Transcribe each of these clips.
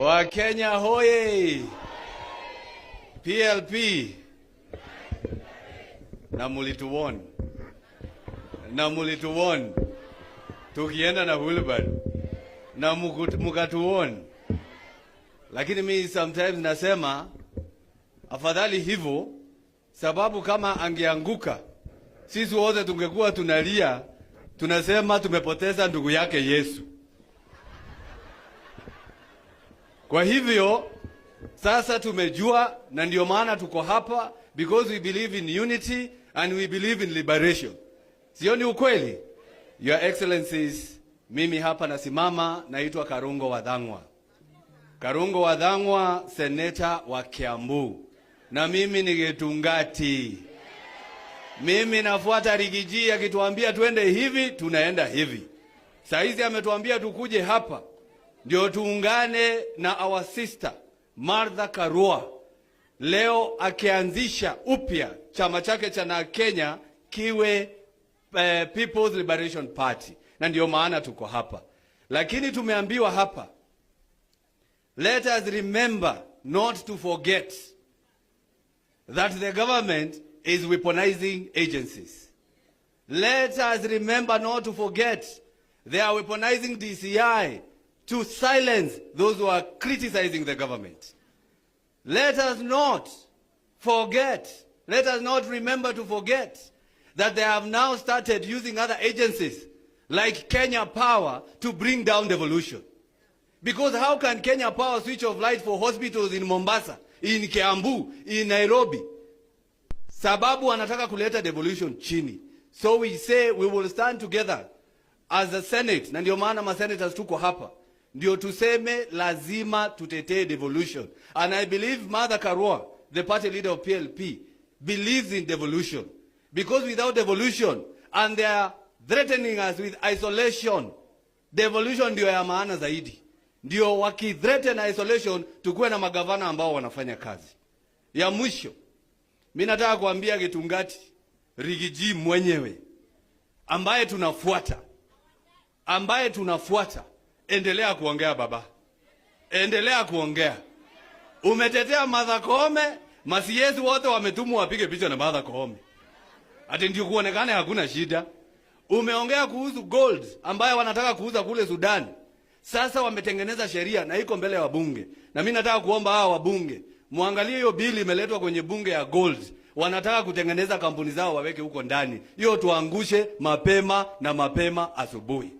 Wakenya hoye! PLP na mulituwon na mulituwon, tukienda na Wilbard na mukatuwon, lakini mi sometimes nasema afadhali hivyo, sababu kama angeanguka sisi wote tungekuwa tunalia tunasema tumepoteza ndugu yake Yesu. Kwa hivyo sasa tumejua, na ndio maana tuko hapa because we believe in unity and we believe in liberation. Sio ni ukweli? Your Excellencies, mimi hapa nasimama, naitwa Karungo Wadhangwa. Karungo Wadhangwa, seneta wa Kiambu, na mimi ni Getungati. Mimi nafuata Rigiji, akituambia twende hivi tunaenda hivi. Saizi ametuambia tukuje hapa ndio tuungane na our sister Martha Karua leo akianzisha upya chama chake cha na Kenya kiwe eh, People's Liberation Party, na ndio maana tuko hapa, lakini tumeambiwa hapa, let us remember not to forget that the government is weaponizing agencies. Let us remember not to forget they are weaponizing DCI to silence those who are criticizing the government. Let us not forget, let us not remember to forget that they have now started using other agencies like Kenya Power to bring down devolution. Because how can Kenya Power switch off light for hospitals in Mombasa, in Kiambu, in Nairobi? Sababu anataka kuleta devolution chini. So we say we will stand together as a Senate, na ndio maana masenators tuko hapa ndio tuseme lazima tutetee devolution. And I believe Martha Karua, the party leader of PLP, believes in devolution. Because without devolution, and they are threatening us with isolation, devolution ndio ya maana zaidi. Ndio wakithreaten isolation, tukuwe na magavana ambao wanafanya kazi. Ya mwisho, mimi nataka kuambia Getungati Rigiji mwenyewe ambaye tunafuata ambaye tunafuata endelea kuongea baba, endelea kuongea. Umetetea Martha Koome, masiyesi wote wametumwa wapige picha na Martha Koome, ati ndio kuonekane hakuna shida. Umeongea kuhusu gold ambayo wanataka kuuza kule Sudan. Sasa wametengeneza sheria na iko mbele ya wabunge, na mimi nataka kuomba hawa wabunge muangalie hiyo bili imeletwa kwenye bunge ya gold. Wanataka kutengeneza kampuni zao waweke huko ndani, hiyo tuangushe mapema na mapema asubuhi.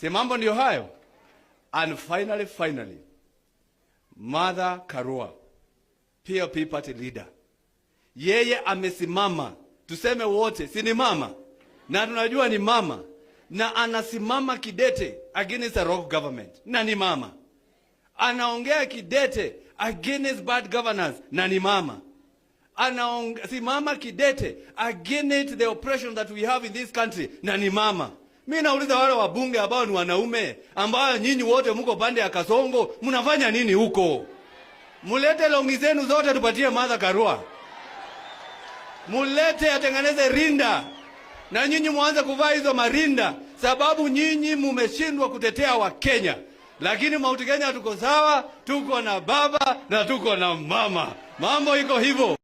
Si mambo ndiyo hayo. And finally, finally, Martha Karua, PLP party leader, yeye amesimama, tuseme wote, si ni mama na tunajua ni mama na anasimama kidete against the rock government na ni mama, anaongea kidete against bad governance na ni mama, anasimama kidete against the oppression that we have in this country na ni mama. Mi nauliza wale wabunge ambao ni wanaume, ambao nyinyi wote mko pande ya Kasongo, mnafanya nini huko? Mulete longi zenu zote tupatie Martha Karua, mulete atengeneze rinda, na nyinyi mwanze kuvaa hizo marinda, sababu nyinyi mumeshindwa kutetea Wakenya. Lakini mauti Kenya tuko sawa, tuko na baba na tuko na mama. Mambo iko hivyo.